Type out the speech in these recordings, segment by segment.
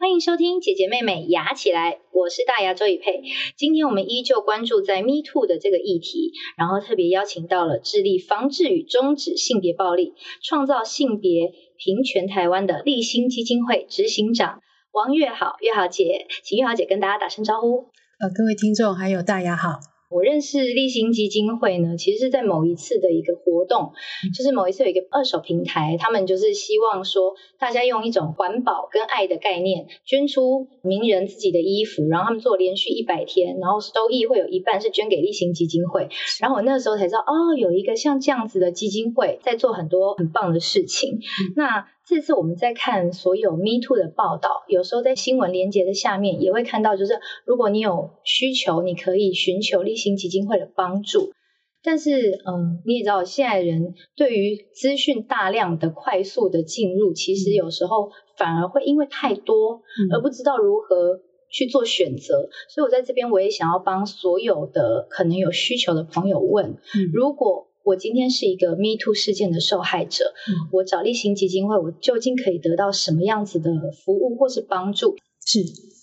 歡迎收聽《姐姐妹妹牙起來》，我是大牙周宜霈。今天我們依舊關注在 Me Too 的這個議題，然後特別邀請到了致力防治與終止性別暴力、創造性別平權台灣的勵馨基金會執行長王玥好，玥好姐，請玥好姐跟大家打聲招呼。呃，各位聽眾還有大牙好。我認識勵馨基金會呢，其實是在某一次的一個活動，就是某一次有一個二手平台，他們就是希望說大家用一種環保跟愛的概念，捐出名人自己的衣服，然後他們做連續一百天，然後收益、er、會有一半是捐給勵馨基金會，然後我那個時候才知道哦，有一個像這樣子的基金會在做很多很棒的事情，那，這次我們在看所有 Me Too 的報道，有時候在新聞連結的下面也會看到，就是如果你有需求，你可以尋求勵馨基金會的幫助。但是，嗯，你也知道，現在人對於資訊大量的、快速的進入，其實有時候反而會因為太多、嗯、而不知道如何去做選擇。所以我在這邊，我也想要幫所有的可能有需求的朋友問：嗯、如果。我今天是一個 Me Too 事件的受害者，嗯、我找勵馨基金會，我究竟可以得到什麼樣子的服務或是幫助？是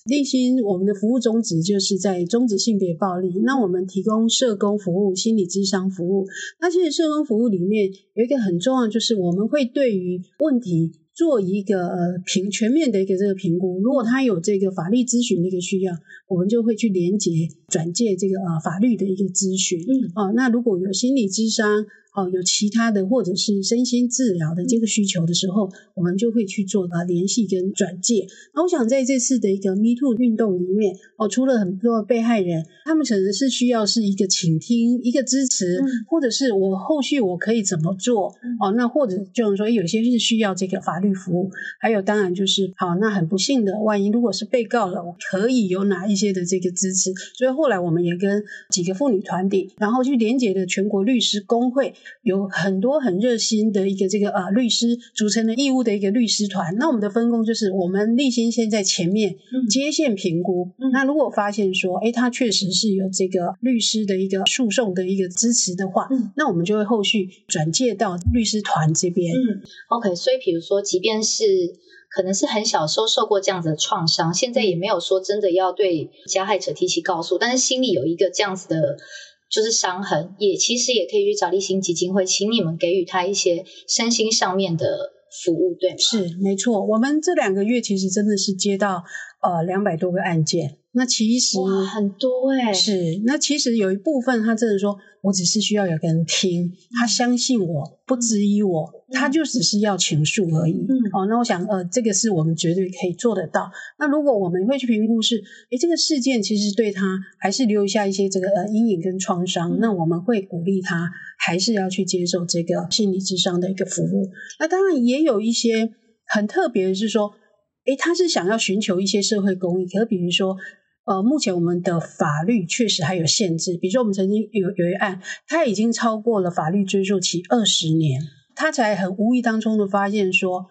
勵馨。我們的服務宗旨就是在終止性別暴力。那我們提供社工服務、心理諮商服務。那其實社工服務裡面有一個很重要，就是我們會對於問題。做一個呃評全面的一個這個評估，如果他有這個法律諮詢的一個需要，我們就會去連接轉介這個呃法律的一個諮詢。哦，嗯，啊，那如果有心理諮商。哦，有其他的或者是身心治療的這個需求的時候，嗯、我們就會去做啊聯繫跟轉介。那我想在這次的一個 Me Too 運動裡面，哦，除了很多被害人，他們可能是需要是一個傾聽、一個支持，嗯、或者是我後續我可以怎麼做？嗯、哦，那或者就是說有些是需要這個法律服務，還有當然就是好，那很不幸的，萬一如果是被告了，我可以有哪一些的這個支持？所以後來我們也跟幾個婦女團體，然後去連結了全國律師公會。有很多很熱心的一個這個呃、啊、律師組成的義務的一個律師團。那我們的分工就是，我們勵馨先在前面接線評估。嗯、那如果發現說，誒，他確實是有這個律師的一個訴訟的一個支持的話，嗯、那我們就會後續轉介到律師團這邊。嗯、OK，所以比如說，即便是可能是很小時候受過這樣子的創傷，現在也沒有說真的要對加害者提起告訴，但是心裡有一個這樣子的。就是傷痕，也其實也可以去找勵馨基金會，請你們給予他一些身心上面的服務，對嗎？是，沒錯。我們這兩個月其實真的是接到。呃，兩百多個案件，那其實很多哎、欸，是，那其實有一部分，他真的說，我只是需要有個人聽，他相信我，不質疑我，嗯、他就只是要傾訴而已。嗯，哦，那我想，呃，這個是我們絕對可以做得到。那如果我們會去評估是，哎，這個事件其實對他還是留下一些這個呃陰影跟創傷，嗯、那我們會鼓勵他還是要去接受這個心理諮商的一個服務。那當然也有一些很特別，是說，誒，他是想要尋求一些社會公益，可比如說，呃，目前我們的法律確實還有限制。比如說，我們曾經有有一案，他已經超過了法律追訴期二十年，他才很無意當中的發現說，哦、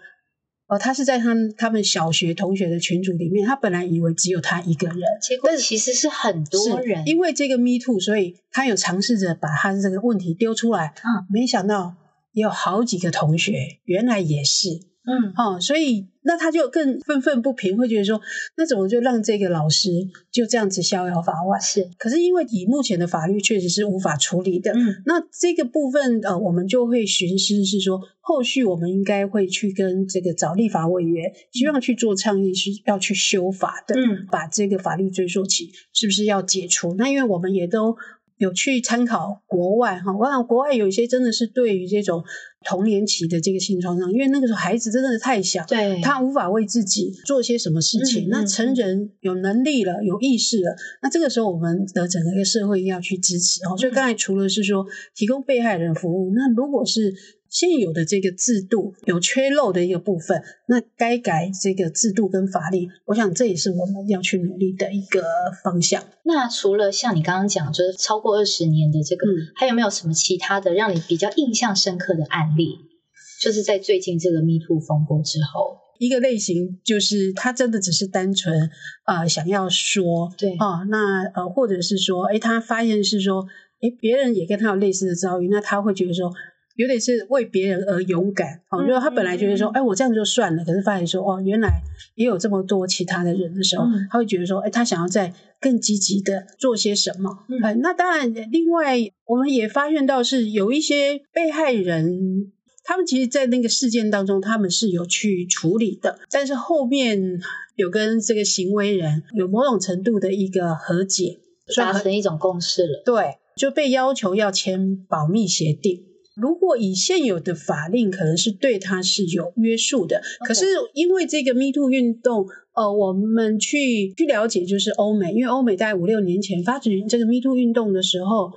呃，他是在他們他們小學同學的群組裡面，他本來以為只有他一個人，結果是其實是很多人。因為這個 Me Too，所以他有嘗試着把他這個問題丟出來，啊、嗯，沒想到也有好幾個同學原來也是。嗯，哦，所以那他就更憤憤不平，會覺得說，那怎麼就讓這個老師就這樣子逍遙法外？是，可是因為以目前的法律確實是無法處理的。嗯，那這個部分，呃，我們就會尋思是說，後續我們應該會去跟這個找立法委員，希望去做倡議，是要去修法的，嗯、把這個法律追溯期，是不是要解除？那因為我們也都。有去參考國外哈，我、哦、想國外有一些真的是對於這種童年期的這個性創傷，因為那個時候孩子真的是太小，對，他無法為自己做些什麼事情。嗯、那成人有能力了、有意識了，嗯、那這個時候我們的整個一個社會要去支持哦。嗯、所以剛才除了是說提供被害人服務，那如果是。現有的這個制度有缺漏的一個部分，那該改這個制度跟法律，我想這也是我們要去努力的一個方向。那除了像你剛剛講，就是超過二十年的這個，嗯、還有沒有什麼其他的讓你比較印象深刻的案例？就是在最近這個 Me Too 風波之後，一個類型就是他真的只是單純啊、呃、想要說，對啊、哦。那呃，或者是說，哎，他發現是說，哎，別人也跟他有類似的遭遇，那他會覺得說。有點是為別人而勇敢、嗯、哦。如果他本來覺得說，嗯、哎，我這樣就算了，可是發現說，哦，原來也有這麼多其他的人的時候，嗯、他會覺得說，哎，他想要再更積極的做些什麼。嗯，嗯，那當然，另外我們也發現到是有一些被害人，他們其實，在那個事件當中，他們是有去處理的，但是後面有跟這個行為人有某種程度的一個和解，達成一種共識了。對，就被要求要簽保密協定。如果以現有的法令，可能是對他是有約束的。Okay. 可是因為這個 MeToo 運動，呃，我們去去了解，就是歐美，因為歐美大概五六年前發展這個 MeToo 運動的時候，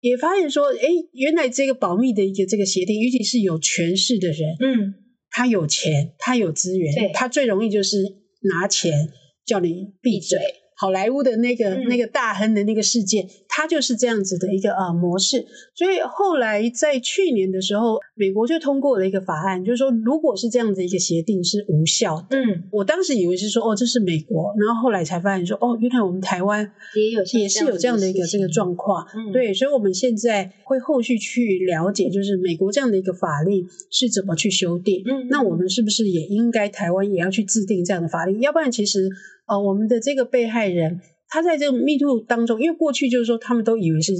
也發現說，哎、欸，原來這個保密的一個這個協定，尤其是有權勢的人，嗯，他有錢，他有資源，對他最容易就是拿錢叫你閉嘴。閉嘴。好萊塢的那個、嗯、那個大亨的那個事件。它就是這樣子的一個呃模式，所以後來在去年的時候，美國就通過了一個法案，就是說，如果是這樣子一個協定是無效的。嗯，我當時以為是說哦，這是美國，然後後來才發現說哦，原來我們臺灣也有也是有這樣的一個這個狀況。嗯，對，所以我們現在會後續去了解，就是美國這樣的一個法律是怎麼去修訂。嗯，嗯，那我們是不是也應該臺灣也要去制定這樣的法律？要不然其實呃，我們的這個被害人。他在這個 Me Too 當中，因為過去就是說，他們都以為是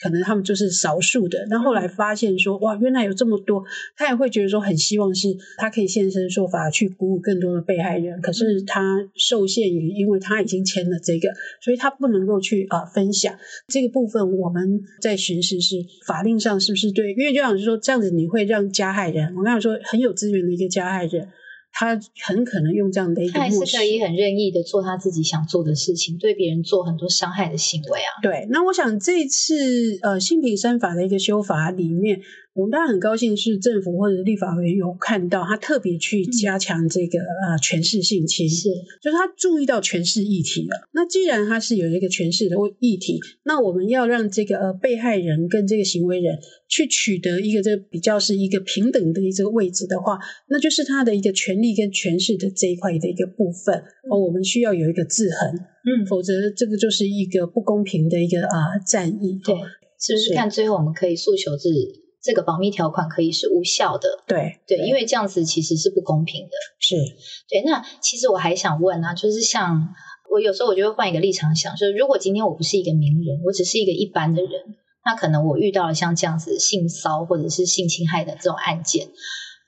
可能他們就是少數的，那後來發現說，哇，原來有這麼多，他也會覺得說很希望是他可以現身說法，去鼓舞更多的被害人。可是他受限於，因為他已經簽了這個，所以他不能夠去啊、呃、分享這個部分。我們在巡視是法令上是不是對？因為就像是說，這樣子你會讓加害人，我剛才說很有資源的一個加害人。他很可能用這樣的一個目，他還是可以很任意的做他自己想做的事情，對別人做很多傷害的行為啊。對，那我想這次呃性平三法的一個修法裡面，我們大家很高興是政府或者立法委員有看到他特別去加強這個、嗯、呃權勢性侵，是就是他注意到權勢議題了。那既然他是有一個權勢的議題，那我們要讓這個呃被害人跟這個行為人去取得一個這個比較是一個平等的一個位置的話，那就是他的一個權力跟權勢的這一塊的一個部分，嗯、我們需要有一個制衡，嗯，否則這個就是一個不公平的一個、啊、戰役，對，哦、是，是不是？看最後我們可以訴求是這個保密條款可以是無效的，對對，對、對、因為這樣子其實是不公平的，是。對，那其實我還想問啊，就是像我有時候我就會換一個立場想，說、就是、如果今天我不是一個名人，我只是一個一般的人，那可能我遇到了像這樣子性騷或者是性侵害的這種案件，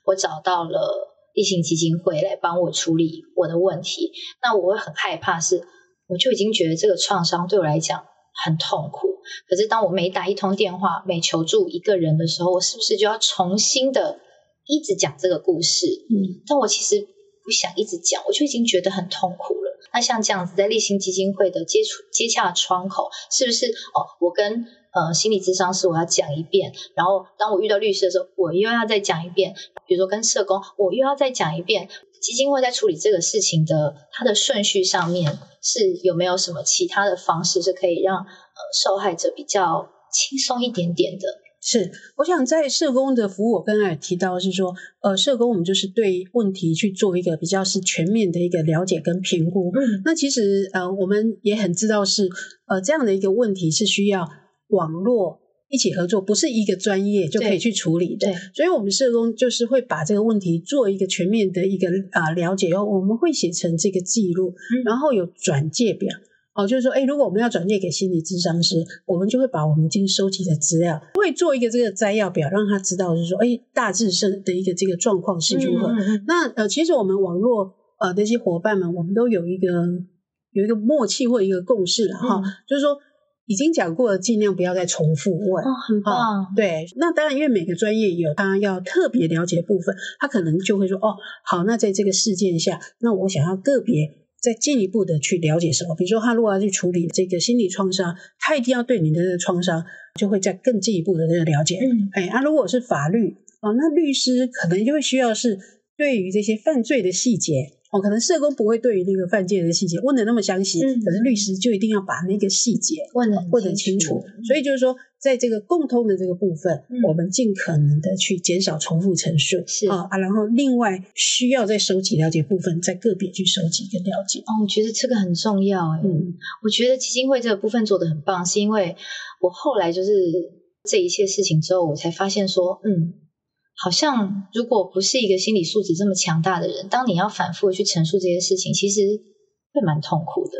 我找到了。立信基金會來幫我處理我的問題，那我會很害怕是，是我就已經覺得這個創傷對我來講很痛苦。可是當我每打一通電話，每求助一個人的時候，我是不是就要重新的一直講這個故事？嗯，但我其實不想一直講，我就已經覺得很痛苦了。那像這樣子，在勵馨基金會的接觸接洽的窗口，是不是哦，我跟呃，心理智商心理諮商是我要講一遍，然後當我遇到律師的時候，我又要再講一遍。比如說跟社工，我又要再講一遍。基金會在處理這個事情的它的順序上面，是有沒有什麼其他的方式是可以讓呃受害者比較輕鬆一點點的？是，我想在社工的服務，我剛才也提到的是說，呃，社工我們就是對問題去做一個比較是全面的一個了解跟評估。嗯、那其實呃，我們也很知道是呃這樣的一個問題是需要。網絡一起合作，不是一個專業就可以去處理的，所以，我們社工就是會把這個問題做一個全面的一個啊、呃、了解以後，我們會寫成這個記錄，嗯、然後有轉介表，哦，就是說，誒、欸、如果我們要轉介給心理諮商師，我們就會把我們今天收集的資料，會做一個這個摘要表，讓他知道，就是說，誒、欸、大致上的一個這個狀況是如何。嗯、那呃，其實我們網絡呃那些夥伴們，我們都有一個有一個默契或一個共識了哈、嗯哦，就是說。已經講過了，盡量不要再重複問。哦，很棒。哦。對，那當然，因為每個專業有他要特別了解的部分，他可能就會說：哦，好，那在這個事件下，那我想要個別再進一步的去了解什麼？比如說，他如果要去處理這個心理創傷，他一定要對你的這個創傷就會再更進一步的這個了解。嗯，哎，啊，如果是法律哦，那律師可能就會需要是對於這些犯罪的細節。可能社工不會對於那個犯罪的細節問的那麼詳細，嗯、可是律師就一定要把那個細節問的問的清楚。清楚嗯、所以就是說，在這個共通的這個部分，嗯、我們盡可能的去減少重複陳述。是啊然後另外需要再收集了解部分，在個別去收集跟了解。哦，我覺得這個很重要哎。嗯，我覺得基金會這個部分做得很棒，是因為我後來就是這一切事情之後，我才發現說，嗯。好像如果不是一個心理素質這麼強大的人，當你要反覆的去陳述這些事情，其實會蠻痛苦的。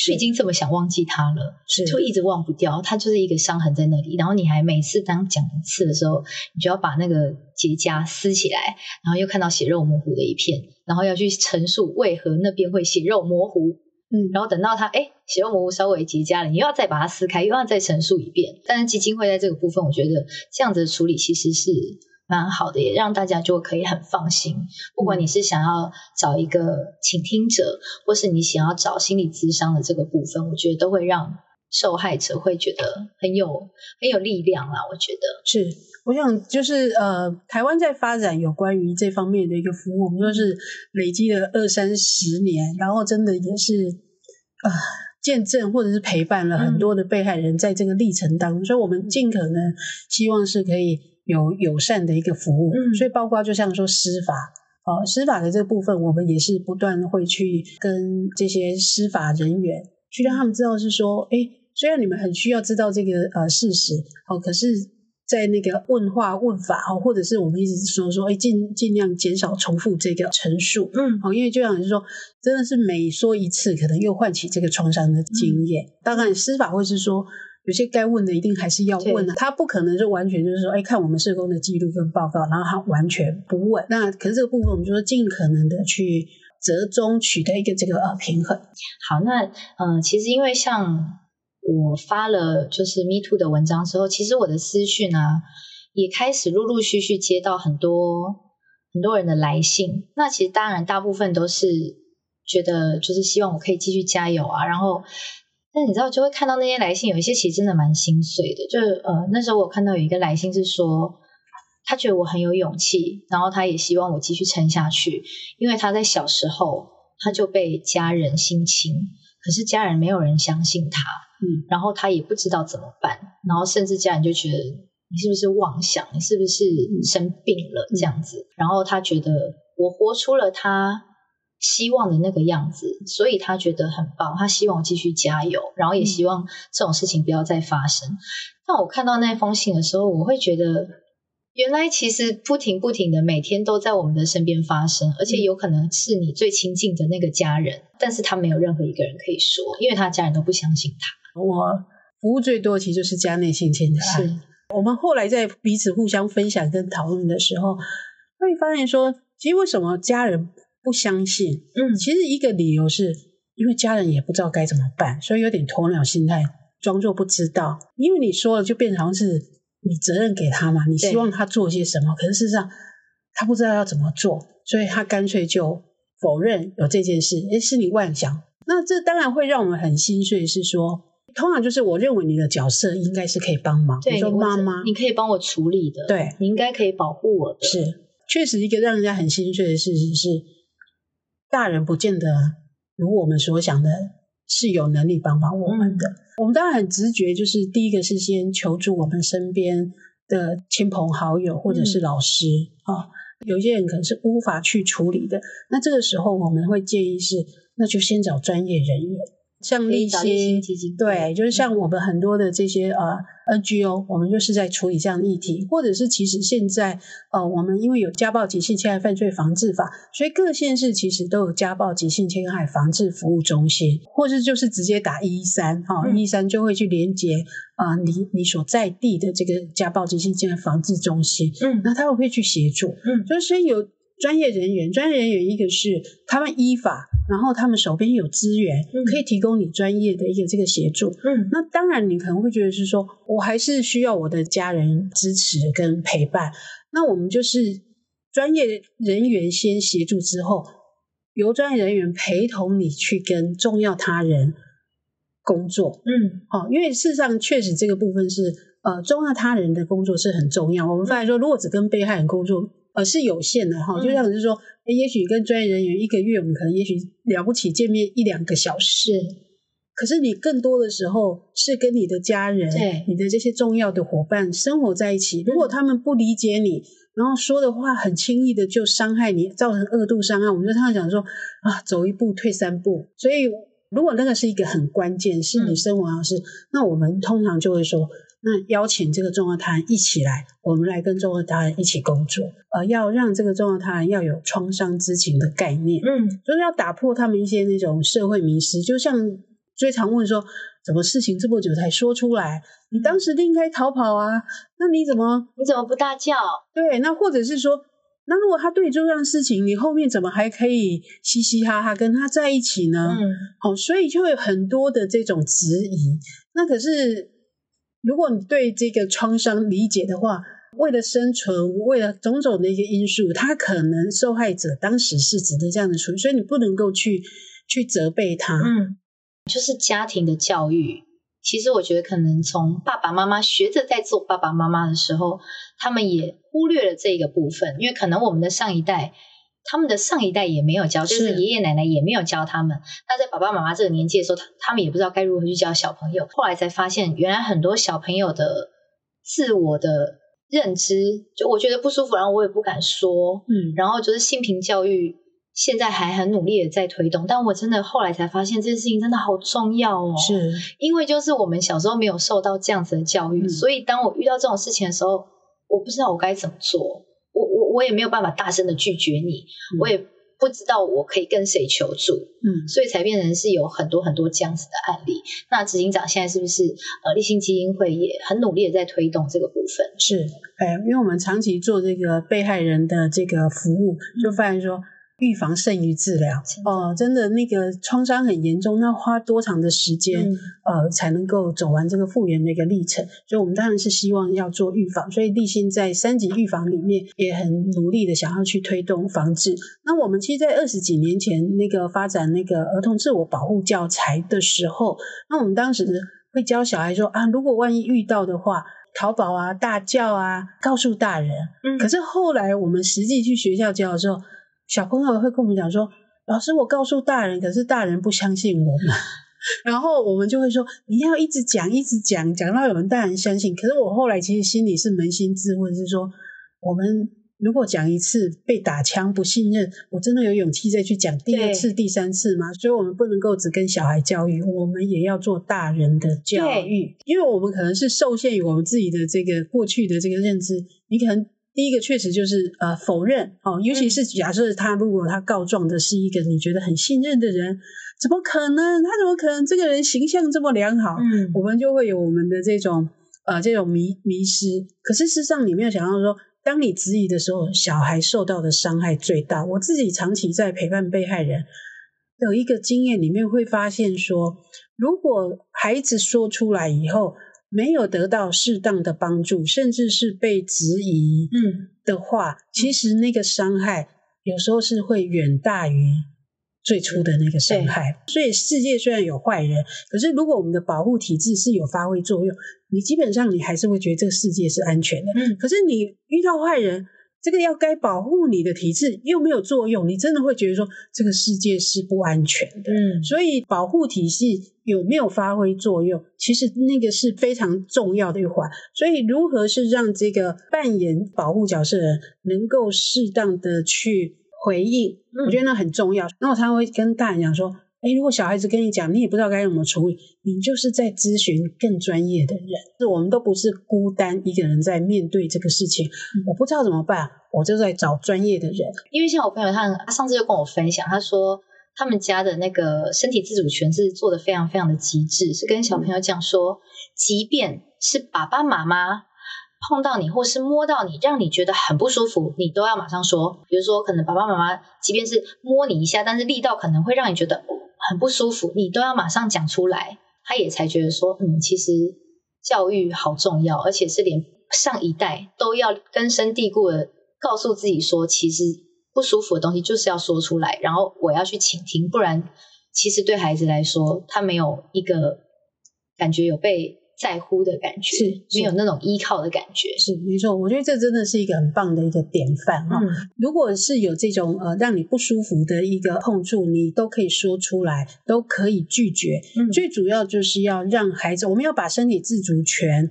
是已經這麼想忘記他了，是就一直忘不掉，他就是一個傷痕在那裡。然後你還每次當講一次的時候，你就要把那個結痂撕起來，然後又看到血肉模糊的一片，然後要去陳述為何那邊會血肉模糊。嗯，然後等到他，哎，血肉模糊稍微結痂了，你又要再把它撕開，又要再陳述一遍。但是基金會在這個部分，我覺得這樣子的處理其實是。蠻好的，也讓大家就可以很放心。嗯、不管你是想要找一個傾聽者，或是你想要找心理諮商的這個部分，我覺得都會讓受害者會覺得很有很有力量啦。我覺得是，我想就是呃，台灣在發展有關於這方面的一個服務，我們就是累積了二三十年，然後真的也是啊、呃、見證或者是陪伴了很多的被害人在這個歷程當中，嗯、所以我們盡可能希望是可以。有友善的一個服務，嗯、所以包括就像說司法，哦、呃，司法的這個部分，我們也是不斷會去跟這些司法人員去讓他們知道是說，哎，雖然你們很需要知道這個呃事實，哦、可是，在那個問話問法，哦，或者是我們一直說說，盡盡量減少重複這個陳述，嗯、哦，因為就像是說，真的是每說一次，可能又喚起這個創傷的經驗。嗯、當然，司法會是說。有些該問的一定還是要問的，對他不可能就完全就是說，哎，看我們社工的記錄跟報告，然後他完全不問。那可是這個部分，我們就說盡可能的去折中，取得一個這個呃平衡。好，那嗯、呃，其實因為像我發了就是 Me Too 的文章之後，其實我的私訊呢，也開始陸陸續續接到很多很多人的來信。那其實當然，大部分都是覺得就是希望我可以繼續加油啊，然後。那你知道就會看到那些來信，有一些其實真的蠻心碎的。就是呃，那時候我看到有一個來信是說，他覺得我很有勇氣，然後他也希望我繼續撐下去，因為他在小時候他就被家人性侵，可是家人沒有人相信他，嗯、然後他也不知道怎麼辦，然後甚至家人就覺得你是不是妄想，你是不是生病了、嗯、這樣子，然後他覺得我活出了他希望的那個樣子，所以他覺得很棒，他希望我繼續加油，然後也希望這種事情不要再發生。嗯、但我看到那封信的時候，我會覺得，原來其實不停不停的每天都在我們的身邊發生，而且有可能是你最親近的那個家人，嗯、但是他沒有任何一個人可以說，因為他家人都不相信他。我服務最多其實就是家內性侵的案。是我們後來在彼此互相分享跟討論的時候，會發現說，其實為什麼家人？不相信，嗯，其實一個理由是因為家人也不知道該怎麼辦，所以有點鴕鳥心態，裝作不知道。因為你說了，就變成是你責任給他嘛，你希望他做些什麼，對可是事實上他不知道要怎麼做，所以他乾脆就否認有這件事，哎，是你妄想。那這當然會讓我們很心碎，是說，通常就是我認為你的角色應該是可以幫忙，對你說媽媽，你可以幫我處理的，對，你應該可以保護我的。是，確實一個讓人家很心碎的事實是。大人不見得如我們所想的是有能力幫忙我們的。嗯、我們當然很直覺，就是第一個是先求助我們身邊的親朋好友或者是老師啊、嗯哦。有些人可能是無法去處理的，那這個時候我們會建議是，那就先找專業人員。像勵馨對，嗯、就是像我們很多的這些呃、uh, NGO，我們就是在處理這樣的議題，或者是其實現在呃，uh, 我們因為有家暴及性侵害犯罪防治法，所以各縣市其實都有家暴及性侵害防治服務中心，或是就是直接打一一三，哦一一三就會去連接啊、uh, 你你所在地的這個家暴及性侵害防治中心，嗯，那他們會去協助，嗯，就是所以有。專業人員，專業人員一個是他們依法，然後他們手邊有資源，可以提供你專業的一個這個協助。嗯，那當然你可能會覺得是說我還是需要我的家人支持跟陪伴。那我們就是專業人員先協助之後，由專業人員陪同你去跟重要他人工作。嗯，好，因為事實上確實這個部分是呃重要他人的工作是很重要。我們發現說，嗯、如果只跟被害人工作。呃，是有限的哈，就像是說，嗯、也許跟專業人員一個月，我們可能也許了不起見面一兩個小時，是可是你更多的時候是跟你的家人、對你的這些重要的夥伴生活在一起。嗯、如果他們不理解你，然後說的話很輕易的就傷害你，造成二度傷害，我們就常常講說啊，走一步退三步。所以，如果那個是一個很關鍵，是你生活上是，嗯、那我們通常就會說。那邀請這個重要他人一起來，我們來跟重要他人一起工作，呃，要讓這個重要他人要有創傷知情的概念，嗯，就是要打破他們一些那種社會迷思，就像最常問說，什麼事情這麼久才說出來？你當時應該逃跑啊，那你怎麼你怎麼不大叫？對，那或者是說，那如果他對你做這樣的事情，你後面怎麼還可以嘻嘻哈哈跟他在一起呢？嗯，好、哦，所以就會有很多的這種質疑。那可是。如果你對這個創傷理解的話，為了生存，為了種種的一個因素，他可能受害者當時是只能這樣子處理，所以你不能夠去去責備他。嗯，就是家庭的教育，其實我覺得可能從爸爸媽媽學着在做爸爸媽媽的時候，他們也忽略了這個部分，因為可能我們的上一代。他們的上一代也沒有教，就是爺爺奶奶也沒有教他們。是那在爸爸媽媽這個年紀的時候，他他們也不知道該如何去教小朋友。後來才發現，原來很多小朋友的自我的認知，就我覺得不舒服，然後我也不敢說。嗯，然後就是性平教育現在還很努力的在推動，但我真的後來才發現，這件事情真的好重要哦。是，因為就是我們小時候沒有受到這樣子的教育，嗯，所以當我遇到這種事情的時候，我不知道我該怎麼做。我也沒有辦法大聲的拒絕你，嗯、我也不知道我可以跟誰求助，嗯，所以才變成是有很多很多這樣子的案例。嗯、那執行長現在是不是呃勵馨基金會也很努力的在推動這個部分？是，哎，因為我們長期做這個被害人的這個服務，嗯、就發現說。預防勝於治療哦是、呃，真的那個創傷很嚴重，那花多長的時間、嗯、呃才能夠走完這個復原的一個歷程？所以我們當然是希望要做預防，所以勵馨在三級預防裡面也很努力的想要去推動防治。那我們其實，在二十幾年前那個發展那個兒童自我保護教材的時候，那我們當時會教小孩說啊，如果萬一遇到的話，逃跑啊，大叫啊，告訴大人。嗯、可是後來我們實際去學校教的時候。小朋友會跟我們講說：“老師，我告訴大人，可是大人不相信我們。 ”然後我們就會說：“你要一直講，一直講，講到有人大人相信。”可是我後來其實心裡是捫心自問，是說：我們如果講一次被打槍不信任，我真的有勇氣再去講第二次、對第三次嗎？所以，我們不能夠只跟小孩教育，我們也要做大人的教育，對因為我們可能是受限於我們自己的這個過去的這個認知，你可能。第一個確實就是呃否認哦，尤其是假設他如果他告狀的是一個你覺得很信任的人，怎麼可能？他怎麼可能？這個人形象這麼良好，嗯，我們就會有我們的這種呃這種迷迷失。可是事實上，你沒有想到說，當你質疑的時候，小孩受到的傷害最大。我自己長期在陪伴被害人，有一個經驗裡面，會發現說，如果孩子說出來以後。沒有得到適當的幫助，甚至是被質疑的話，嗯、其實那個傷害有時候是會遠大於最初的那個傷害。嗯、所以，世界雖然有壞人，可是如果我們的保護體制是有發揮作用，你基本上你還是會覺得這個世界是安全的。嗯、可是你遇到壞人。這個要該保護你的體制又沒有作用，你真的會覺得說，這個世界是不安全的。嗯，所以保護體系有沒有發揮作用，其實那個是非常重要的一環。所以如何是讓這個扮演保護角色的人能夠適當的去回應，嗯，我覺得那很重要。那我常會跟大人講說，哎，如果小孩子跟你講，你也不知道該怎麼處理，你就是在諮詢更專業的人。是，我們都不是孤單一個人在面對這個事情。嗯、我不知道怎麼辦，我就在找專業的人。因為像我朋友他，他上次就跟我分享，他說他們家的那個身體自主權是做得非常非常的極致，是跟小朋友講說，嗯、即便是爸爸媽媽碰到你或是摸到你，讓你覺得很不舒服，你都要馬上說。比如說，可能爸爸媽媽即便是摸你一下，但是力道可能會讓你覺得。很不舒服，你都要馬上講出來，他也才覺得說，嗯，其實教育好重要，而且是連上一代都要根深蒂固的告訴自己說，其實不舒服的東西就是要說出來，然後我要去傾聽，不然其實對孩子來說，他沒有一個感覺有被。在乎的感覺是沒有那種依靠的感覺，是，是沒錯。我覺得這真的是一個很棒的一個典範哈、啊。嗯、如果是有這種呃讓你不舒服的一個碰觸，嗯、你都可以說出來，都可以拒絕。嗯、最主要就是要讓孩子，我們要把身體自主權。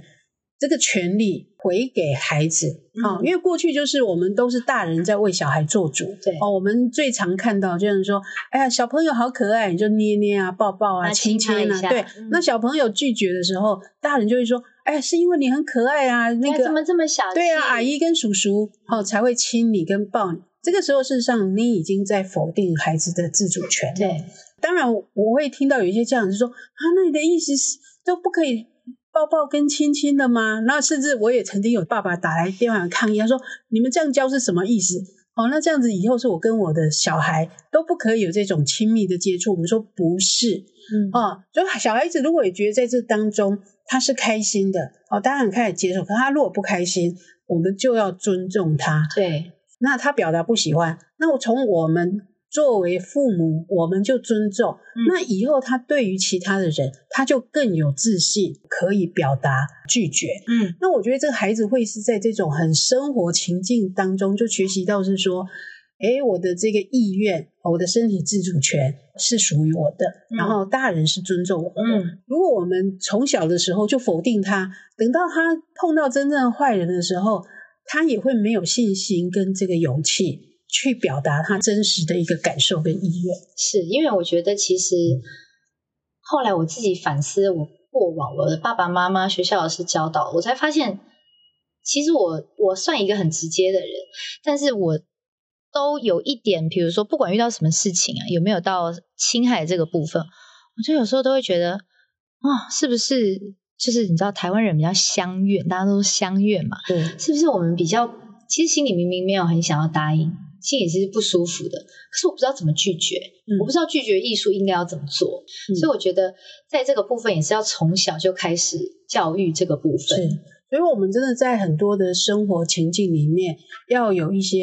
這個權利回給孩子啊、嗯哦，因為過去就是我們都是大人在為小孩做主。嗯、對、哦、我們最常看到，就像說，哎呀，小朋友好可愛，你就捏捏啊、抱抱啊、啊親親啊。親對，嗯、那小朋友拒絕的時候，大人就會說，哎呀，是因為你很可愛啊。那個、啊怎麼這麼小氣？對啊，阿姨跟叔叔、哦、才會親你跟抱你。這個時候，事實上你已經在否定孩子的自主權。對，當然我會聽到有一些家長說，啊，那你的意思是都不可以。抱抱跟親親的嗎？那甚至我也曾經有爸爸打來電話抗議，他說：“你們這樣教是什麼意思？”哦，那這樣子以後是我跟我的小孩都不可以有這種親密的接觸。我們說不是，嗯啊，所以、哦、小孩子如果也覺得在這當中他是開心的，哦，當然可以接受。可他如果不開心，我們就要尊重他。對，那他表達不喜歡，那我從我們。作為父母，我們就尊重，嗯、那以後他對於其他的人，他就更有自信，可以表達拒絕。嗯，那我覺得這個孩子會是在這種很生活情境當中就學習到是說，誒，我的這個意願，我的身體自主權是屬於我的，嗯、然後大人是尊重我的。嗯、如果我們從小的時候就否定他，等到他碰到真正的壞人的時候，他也會沒有信心跟這個勇氣。去表達他真實的一個感受跟意願，是因為我覺得其實後來我自己反思我過往我，我，我的爸爸媽媽、學校老師教導我，才發現其實我我算一個很直接的人，但是我都有一點，比如說不管遇到什麼事情啊，有沒有到侵害這個部分，我就有時候都會覺得啊，是不是就是你知道台灣人比較相悅，大家都相悅嘛，嗯對，是不是我們比較其實心裡明明沒有很想要答應。心裡其實不舒服的，可是我不知道怎麼拒絕，嗯、我不知道拒絕藝術應該要怎麼做，嗯、所以我覺得在這個部分也是要從小就開始教育這個部分。是，所以我們真的在很多的生活情境裡面，要有一些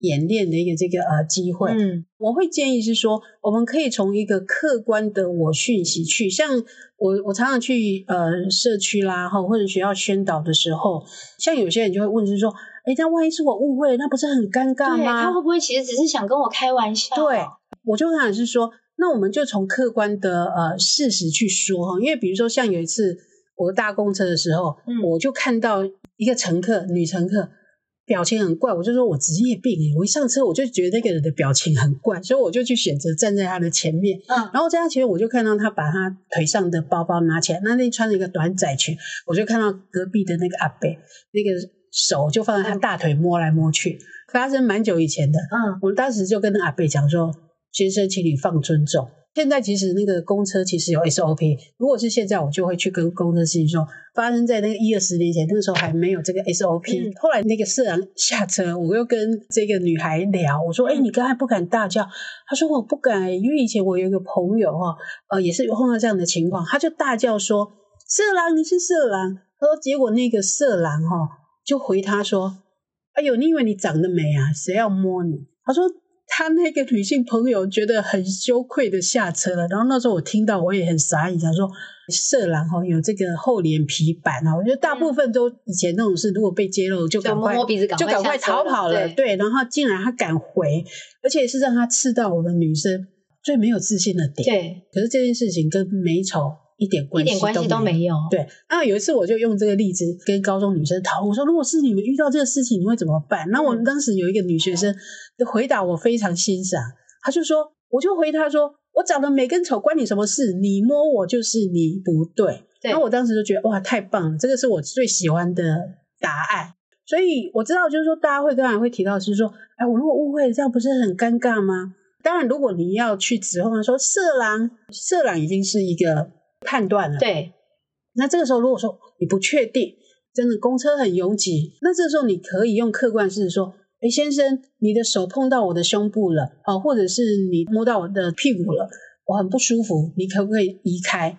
演練的一個這個呃機會。嗯，我會建議是說，我們可以從一個客觀的我訊息去，像我我常常去呃社區啦，或者學校宣導的時候，像有些人就會問就是說。哎，但萬一是我誤會，那不是很尷尬嗎？他會不會其實只是想跟我開玩笑？對，我就想是說，那我們就從客觀的呃事實去說哈。因為比如說，像有一次我搭公車的時候，嗯、我就看到一個乘客，女乘客，表情很怪。我就說我職業病哎，我一上車我就覺得那個人的表情很怪，所以我就去選擇站在他的前面。嗯、然後在她前面我就看到她把她腿上的包包拿起來，那那穿着一個短仔裙，我就看到隔壁的那個阿伯那個。手就放在他大腿摸來摸去，嗯、發生蠻久以前的。嗯，我當時就跟阿伯講說：“先生，請你放尊重。”現在其實那個公車其實有 SOP，如果是現在我就會去跟公車司機說。發生在那個一二十年前，那時候還沒有這個 SOP。嗯、後來那個色狼下車，我又跟這個女孩聊，我說：“哎、欸，你剛才不敢大叫？”她說：“我不敢、欸，因為以前我有一個朋友哈、喔，呃，也是碰到這樣的情況，她就大叫說：‘色狼，你是色狼！’她說，結果那個色狼哈、喔。”就回他說：“哎呦，你以為你長得美啊？誰要摸你？”他說他那個女性朋友覺得很羞愧的下車了。然後那時候我聽到我也很傻眼，他說色狼哈有這個厚臉皮板啊！我覺得大部分都以前那種事，如果被揭露就趕快、嗯、就趕快，快逃跑了。對，對，然後竟然他還敢回，而且是讓他刺到我們女生最沒有自信的點。對，可是這件事情跟美醜。一點關係都沒有。沒有，對，那有一次我就用這個例子跟高中女生討論，我說：“如果是你們遇到這個事情，你會怎麼辦？”那我們當時有一個女學生的回答，我非常欣賞。她、嗯、就說：“我就回她說，我長得美跟醜，關你什麼事？你摸我就是你不對。對”然後我當時就覺得哇，太棒了，這個是我最喜歡的答案。所以我知道，就是說大家會當然會提到的是說：“哎、欸，我如果誤會了，這樣不是很尷尬嗎？”當然，如果你要去指控，說色狼，色狼已經是一個。判斷了，對。那這個時候如果說你不確定，真的公車很擁擠，那這個時候你可以用客觀事實說：“哎、欸，先生，你的手碰到我的胸部了啊、哦，或者是你摸到我的屁股了，我很不舒服，你可不可以移開？”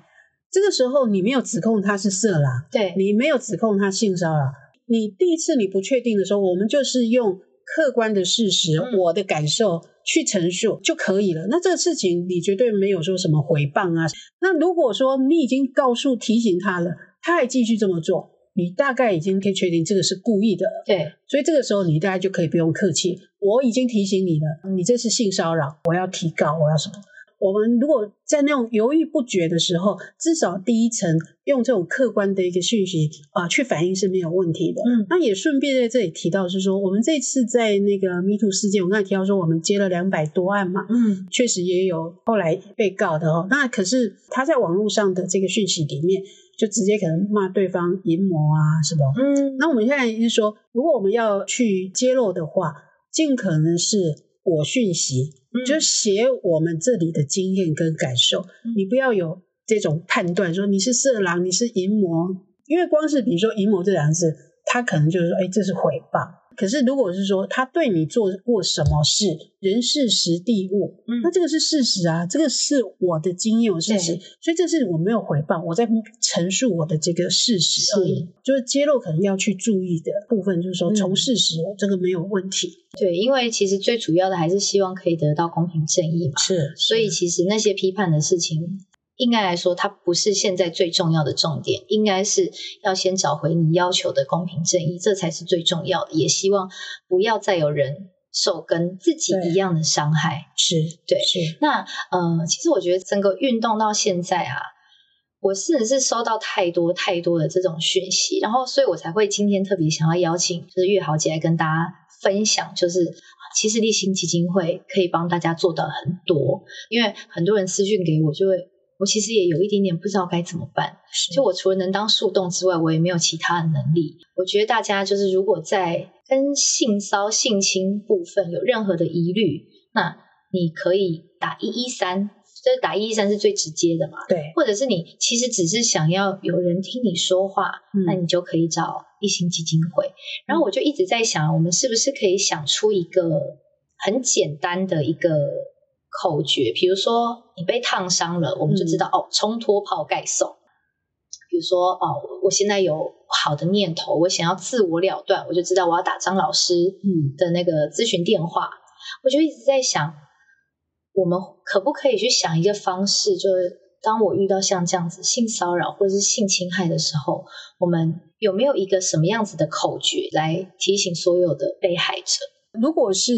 這個時候你沒有指控他是色狼，對，你沒有指控他性騷擾。你第一次你不確定的時候，我們就是用客觀的事實，嗯、我的感受。去陳述就可以了。那這個事情你絕對沒有說什麼回謗啊。那如果說你已經告訴提醒他了，他還繼續這麼做，你大概已經可以確定這個是故意的。對，所以這個時候你大概就可以不用客氣，我已經提醒你了，你這是性騷擾，我要提告，我要什麼？我們如果在那種猶豫不決的時候，至少第一層用這種客觀的一個訊息啊、呃、去反應是沒有問題的。嗯，那也順便在這裡提到，是說我們這次在那個 MeToo 事件，我剛才提到說我們接了兩百多案嘛，嗯，確實也有後來被告的哦。那可是他在網絡上的這個訊息裡面，就直接可能罵對方淫魔啊什麼。是嗯，那我們現在就是說，如果我們要去揭露的話，盡可能是。我訊息就寫我們這裡的經驗跟感受，嗯、你不要有這種判斷說你是色狼，你是淫魔，因為光是比如說淫魔這兩個字，他可能就是說，哎、欸，這是毀謗。可是，如果是說他對你做過什麼事，人事時地物，嗯、那這個是事實啊，這個是我的經驗，我事實，對所以這是我沒有回報，我在陳述我的這個事實而已是、嗯，就是揭露可能要去注意的部分，就是說、嗯、從事實，這個沒有問題。對，因為其實最主要的還是希望可以得到公平正義嘛，是，是所以其實那些批判的事情。應該來說，它不是現在最重要的重點，應該是要先找回你要求的公平正義，這才是最重要的。也希望不要再有人受跟自己一樣的傷害。是對，是。是那呃，其實我覺得整個運動到現在啊，我甚至是收到太多太多的這種訊息，然後，所以我才會今天特別想要邀請就是玥好姐來跟大家分享，就是其實勵馨基金會可以幫大家做到很多，因為很多人私訊給我就會。我其實也有一點點不知道該怎麼辦，就是我除了能當樹洞之外，我也沒有其他的能力。我覺得大家就是，如果在跟性騷性侵部分有任何的疑慮，那你可以打一一三，就是打一一三是最直接的嘛。對，或者是你其實只是想要有人聽你說話，嗯、那你就可以找勵馨基金會。嗯、然後我就一直在想，我們是不是可以想出一個很簡單的一個。口訣，比如說你被燙傷了，我們就知道、嗯、哦，沖脫泡蓋送。比如說哦，我現在有好的念頭，我想要自我了斷，我就知道我要打張老師的那個諮詢電話。嗯、我就一直在想，我們可不可以去想一個方式，就是當我遇到像這樣子性騷擾或者是性侵害的時候，我們有沒有一個什麼樣子的口訣來提醒所有的被害者？如果是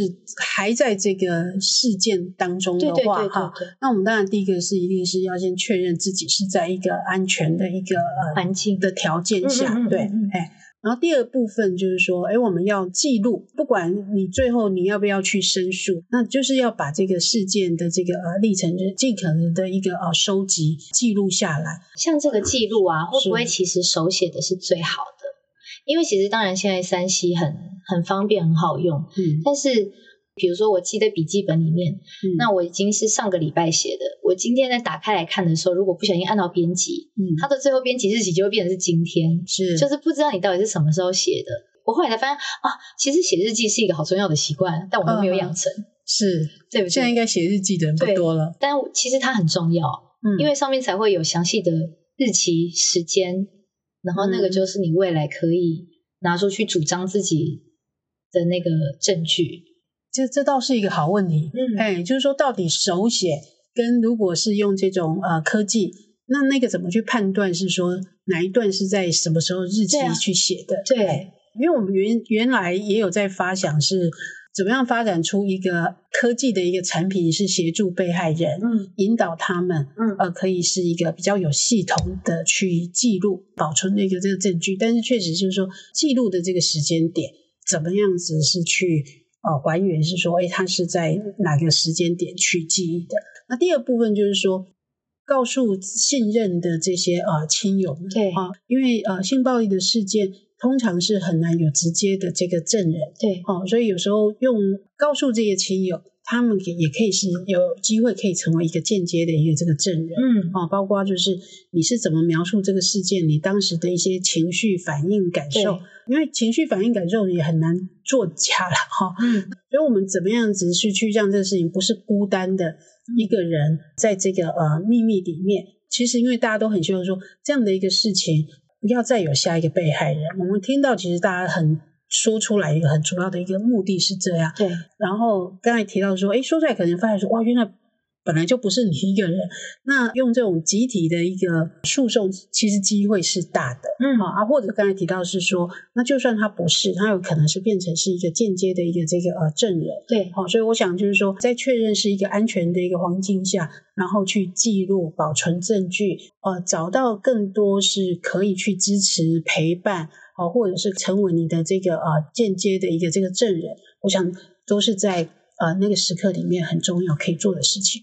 還在這個事件當中的話，哈，那我們當然第一個是一定是要先確認自己是在一個安全的一個環境、嗯、的條件下，嗯嗯嗯嗯對，哎，然後第二部分就是說，哎，我們要記錄，不管你最後你要不要去申訴，那就是要把這個事件的這個呃歷程就是盡可能的一個呃收集記錄下來。像這個記錄啊，會是不會其實手寫的是最好的？因為其實當然，現在三 C 很很方便、很好用。嗯，但是比如說，我記得筆記本裡面，嗯、那我已經是上個禮拜寫的。我今天在打開來看的時候，如果不小心按到編輯，嗯，它的最後編輯日期就會變成是今天，是就是不知道你到底是什麼時候寫的。我後來才發現，啊，其實寫日記是一個好重要的習慣，但我都沒有養成。是、嗯，對，不對，現在應該寫日記的人不多了。但其實它很重要，嗯，因為上面才會有詳細的日期、時間。然後那個就是你未來可以拿出去主張自己的那個證據，嗯、這這倒是一個好問題，嗯，哎、欸，就是說到底手寫跟如果是用這種呃科技，那那個怎麼去判斷是說哪一段是在什麼時候日期去寫的？嗯對，啊、對，因為我們原原來也有在發想是。怎麼樣發展出一個科技的一個產品，是協助被害人，嗯，引導他們，嗯，呃，可以是一個比較有系統的去記錄、保存那個這個證據。但是確實就是說，記錄的這個時間點怎麼樣子是去呃還原，是說，誒，他是在哪個時間點去記憶的？那第二部分就是說，告訴信任的這些呃親友們，對啊。呃，因為呃性暴力的事件。通常是很難有直接的這個證人，對，哦，所以有時候用告訴這些親友，他們也可以是有機會可以成為一個間接的一個這個證人，嗯，哦，包括就是你是怎麼描述這個事件，你當時的一些情緒反應感受，對因為情緒反應感受也很難作假了，哈、哦，嗯，所以我們怎麼樣子去去讓這個事情不是孤單的一個人在這個、嗯、呃秘密裡面，其實因為大家都很希望說這樣的一個事情。不要再有下一個被害人。我們聽到其實大家很說出來一個很主要的一個目的是這樣，對。然後剛才提到說，誒，說出來可能發現說，哇，原來。本來就不是你一個人，那用這種集體的一個訴訟，其實機會是大的，嗯，啊，或者剛才提到是說，那就算他不是，他有可能是變成是一個間接的一個這個呃證人，對，好，所以我想就是說，在確認是一個安全的一個環境下，然後去記錄、保存證據，呃，找到更多是可以去支持、陪伴，啊，或者是成為你的這個呃間接的一個這個證人，我想都是在呃那個時刻裡面很重要可以做的事情。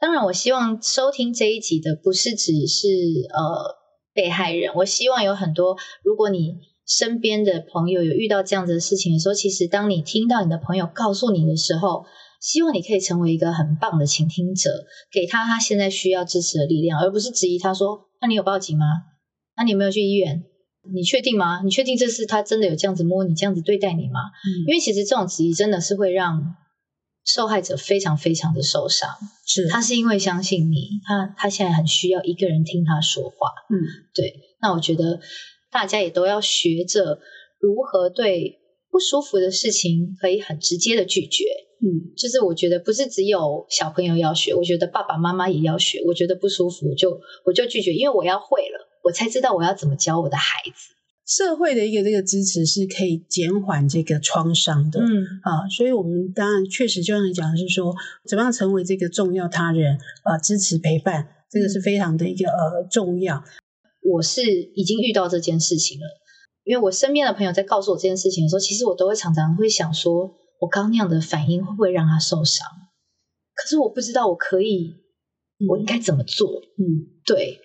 當然，我希望收聽這一集的不是只是呃被害人。我希望有很多，如果你身邊的朋友有遇到這樣子的事情的時候，其實當你聽到你的朋友告訴你的時候，希望你可以成為一個很棒的傾聽者，給他他現在需要支持的力量，而不是質疑他說：“那你有報警嗎？那你有沒有去醫院？你確定嗎？你確定這次他真的有這樣子摸你，這樣子對待你嗎？”嗯、因為其實這種質疑真的是會讓。受害者非常非常的受傷，是他是因為相信你，他他現在很需要一個人聽他說話，嗯，對。那我覺得大家也都要學着如何對不舒服的事情可以很直接的拒絕，嗯，就是我覺得不是只有小朋友要學，我覺得爸爸媽媽也要學。我覺得不舒服我就我就拒絕，因為我要會了，我才知道我要怎麼教我的孩子。社會的一個這個支持是可以減緩這個創傷的，嗯啊，所以我們當然確實就像你講的是說，怎麼樣成為這個重要他人啊、呃，支持陪伴，這個是非常的一個、嗯、呃重要。我是已經遇到這件事情了，因為我身邊的朋友在告訴我這件事情的時候，其實我都會常常會想說，我剛那樣的反應會不會讓他受傷？可是我不知道我可以，我應該怎麼做？嗯，嗯，對。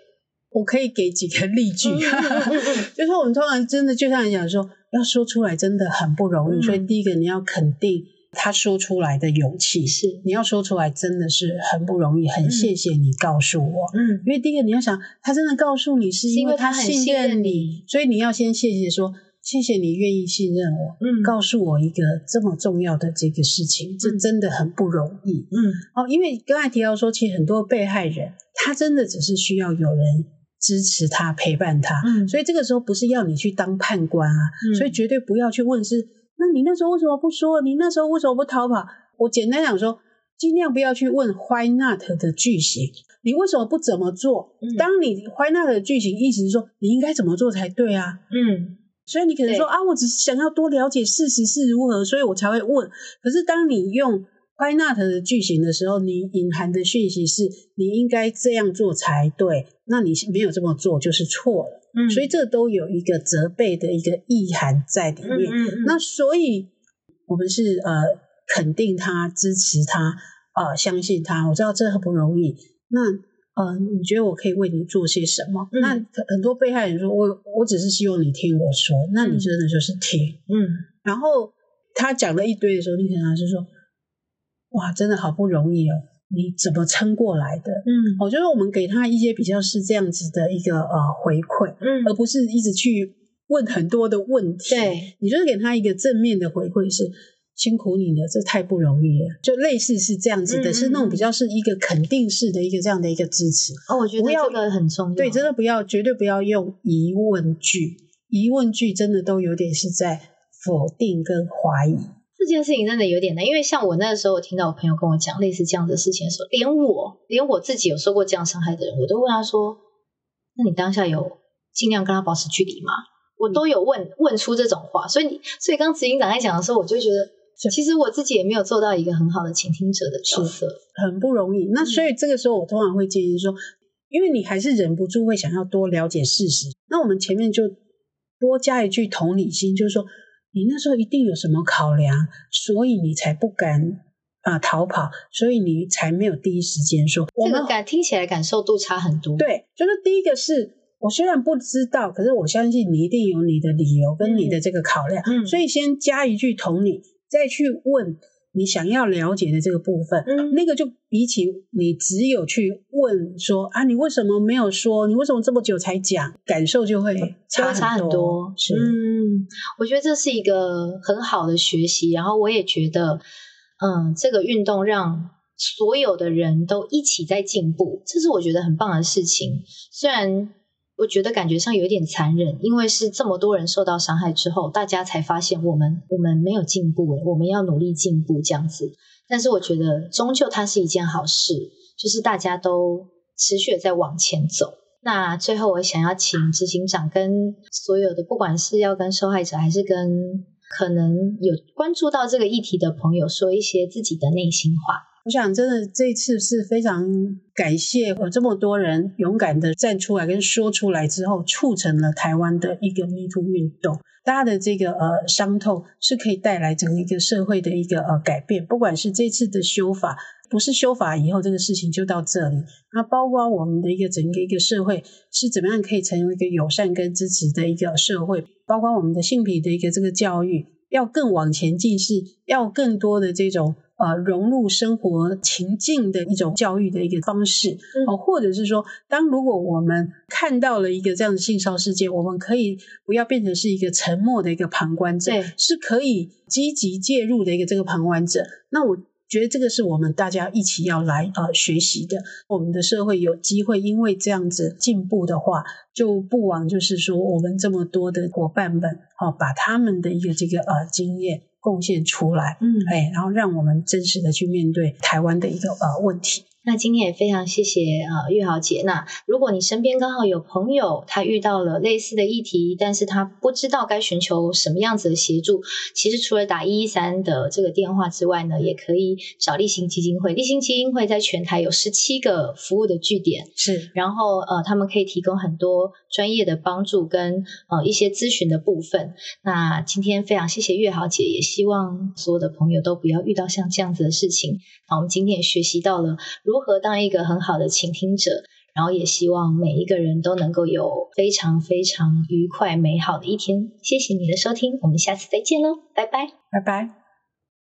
我可以給幾個例句，嗯嗯嗯嗯、 就是我們通常真的就像你講說，要說出來真的很不容易。嗯、所以第一個你要肯定他說出來的勇氣，是你要說出來真的是很不容易。很謝謝你告訴我，嗯，嗯、因為第一個你要想他真的告訴你是因為他很信任你，所以你要先謝謝說，謝謝你願意信任我，嗯，告訴我一個這麼重要的這個事情，這真的很不容易，嗯，嗯。哦，因為剛才提到說，其實很多被害人他真的只是需要有人，支持他、陪伴他，嗯、所以這個時候不是要你去當判官啊，嗯、所以絕對不要去問是，那你那時候為什麼不說？你那時候為什麼不逃跑？我簡單講說，盡量不要去問 why not 的句型，你為什麼不怎麼做？嗯、當你 why not 的句型，意思是說你應該怎麼做才對啊，嗯，所以你可能說對啊，我只是想要多了解事實是如何，所以我才會問。可是當你用 Why not 的句型的時候，你隱含的訊息是你應該這樣做才對，那你沒有這麼做就是錯了。嗯，所以這都有一個責備的一個意涵在裡面。嗯、嗯、嗯，那所以我們是呃肯定他、支持他、呃相信他。我知道這很不容易。那嗯、呃，你覺得我可以為你做些什麼？嗯、那很多被害人說，我我只是希望你聽我說。那你真的就是聽。嗯。嗯，然後他講了一堆的時候，你可能是說。哇，真的好不容易哦！你、嗯、怎麼撐過來的？嗯，我覺得我們給他一些比較是這樣子的一個呃回饋，嗯，而不是一直去問很多的問題。對，你就是給他一個正面的回饋，是辛苦你了，這太不容易了。就類似是這樣子的，嗯嗯是那種比較是一個肯定式的一個這樣的一個支持。哦，我覺得這個很重要，要。對，真的不要，絕對不要用疑問句。疑問句真的都有點是在否定跟懷疑。這件事情真的有點難，因為像我那個時候，我聽到我朋友跟我講類似這樣的事情的時候，連我，連我自己有受過這樣傷害的人，我都問他說：“那你當下有盡量跟他保持距離嗎？”嗯、我都有問問出這種話，所以，你，所以剛執行長在講的時候，我就覺得，是其實我自己也沒有做到一個很好的傾聽者的角色，很不容易。那所以這個時候，我通常會建議說，因為你還是忍不住會想要多了解事實，那我們前面就多加一句同理心，就是說。你那時候一定有什麼考量，所以你才不敢啊逃跑，所以你才沒有第一時間說。我們這個感聽起來感受度差很多。對，就是第一個是我雖然不知道，可是我相信你一定有你的理由跟你的這個考量，嗯嗯、所以先加一句同理，再去問你想要了解的這個部分。嗯，那個就比起你只有去問說啊，你為什麼沒有說？你為什麼這麼久才講？感受就會差很多，欸、都會差很多是。嗯我覺得這是一個很好的學習，然後我也覺得，嗯，這個運動讓所有的人都一起在進步，這是我覺得很棒的事情。雖然我覺得感覺上有點殘忍，因為是這麼多人受到傷害之後，大家才發現我們我們沒有進步，我們要努力進步這樣子。但是我覺得，終究它是一件好事，就是大家都持續在往前走。那最後，我想要請執行長跟所有的，不管是要跟受害者，還是跟可能有關注到這個議題的朋友，說一些自己的內心話。我想，真的這次是非常感謝有這麼多人勇敢的站出來跟說出來之後，促成了台灣的一個 MeToo 運動。大家的這個呃傷痛是可以帶來整個一個社會的一個呃改變，不管是這次的修法。不是修法以後，這個事情就到這裡。那包括我們的一個整個一個社會是怎麼樣可以成為一個友善跟支持的一個社會？包括我們的性別的一個這個教育，要更往前進是，是要更多的這種呃融入生活情境的一種教育的一個方式哦，嗯、或者是說，當如果我們看到了一個這樣的性騷擾事件，我們可以不要變成是一個沉默的一個旁觀者，嗯、是可以積極介入的一個這個旁觀者。那我。覺得這個是我們大家一起要來呃學習的。我們的社會有機會因為這樣子進步的話，就不枉就是說我們這麼多的夥伴們哈、哦，把他們的一個這個呃經驗貢獻出來，嗯，哎，然後讓我們真實的去面對台灣的一個呃問題。那今天也非常謝謝呃玥好姐。那如果你身邊剛好有朋友，他遇到了類似的議題，但是他不知道該尋求什麼樣子的協助，其實除了打一一三的這個電話之外呢，也可以找勵馨基金會。勵馨基金會在全台有十七個服務的據點，是。然後呃，他們可以提供很多專業的幫助跟呃一些諮詢的部分。那今天非常謝謝玥好姐，也希望所有的朋友都不要遇到像這樣子的事情。那我們今天也學習到了。如何當一個很好的傾聽者，然後也希望每一個人都能夠有非常非常愉快美好的一天。謝謝你的收聽，我們下次再見嘍，拜拜，拜拜。